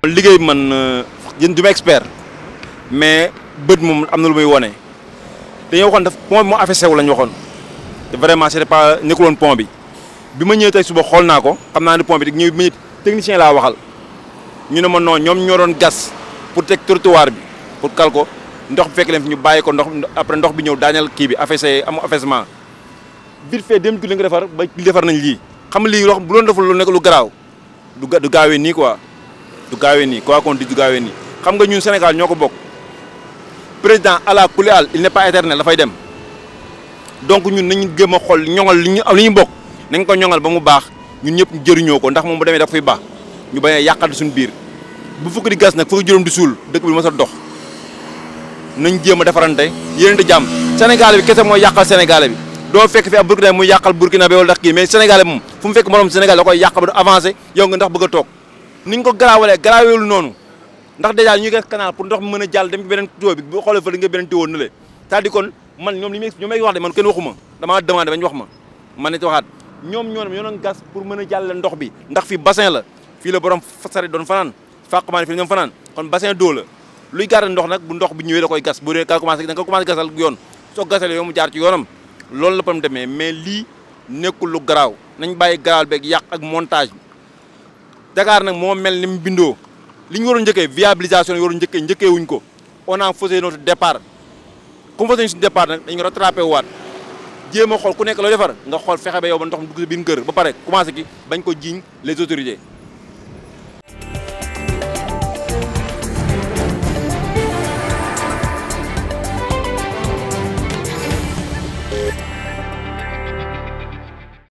liggéey bi man euh, yéen du ma expert mais bët moom am na lu muy wone dañoo waxoon daf pont bi mu affaissé wu la ñu waxoon te vraiment c'était pas nekkul woon pont bi bi ma ñëwee tey suba xool naa ko xam naa ne pont bi rek ñëw bi ma laa waxal ñu ne ma non ñoom ñoo doon pour teg trottoir bi pour kal ko ndox bi fekk leen fi ñu bàyyi ko ndox après ndox bi ñëw daañal kii bi affaissé amu affaissement vite fait dem julli nga defar ba defar nañ lii xam lii loo bu doon deful lu nekk lu garaaw du gaawee nii quoi. du gawé ni ko akon dit du gawé ni xam nga ñun Sénégal ñoko bok président ala kulli il n'est pas éternel la fay dem donc ñun nañu gëma xol ñongal li ñu li ñu bok nañ ko ñongal ba mu baax ñun ñëpp ñu jëriñoo ko ndax moom bu démé da fay baax ñu baña a suñu biir bu fukk di gas nak fukk juroom di sul dekk bi ma sa dox nañ jëma a defarante yéenante jàmm sénégal bi kété mo yàqal sénégal bi do fekk fi ab burkina muy yàqal burkina bi wala dakki mais sénégal mom fu mu fekk morom sénégal da koy yàq ba avancer yow nga ndax bëgg tok niñ ko garaawalee garaaweelu noonu ndax dèjà ñu ges canal pour ndox mi mën a jàll dem beneen tuyau bi boo xoolee fa di nga beneen tuyau nële c'est-à-dire kon man ñoom li ñu wax de man kenn waxuma damaa demandé bañ wax ma man nit waxaat ñoo ñoo doon gas pour mën a ndox bi ndax fii bassin la fii la borom fasare doon fanaan fàqumaane fanaan kon bassin d'eau la luy garder ndox nag bu ndox bi ñëwee da gas bu dee ka commencé da nga commencé gasal yoon soo gasal yoon mu jaar ci loolu la pam demee mais lii nekkul lu garaaw nañ bàyyi garaaw beeg yàq ak montage Dakar nag moo mel ni mu bindoo li ñu waroon njëkkee viabilisation yi waroon njëkkee njëkkee wuñ ko on a faussé notre départ comme faussé suñu départ nag dañu rattrapé waat jéem a xool ku nekk loo defar nga xool fexe ba yow ba ndox mi dugg kër ba pare commencé ki bañ ko jiiñ les autorités.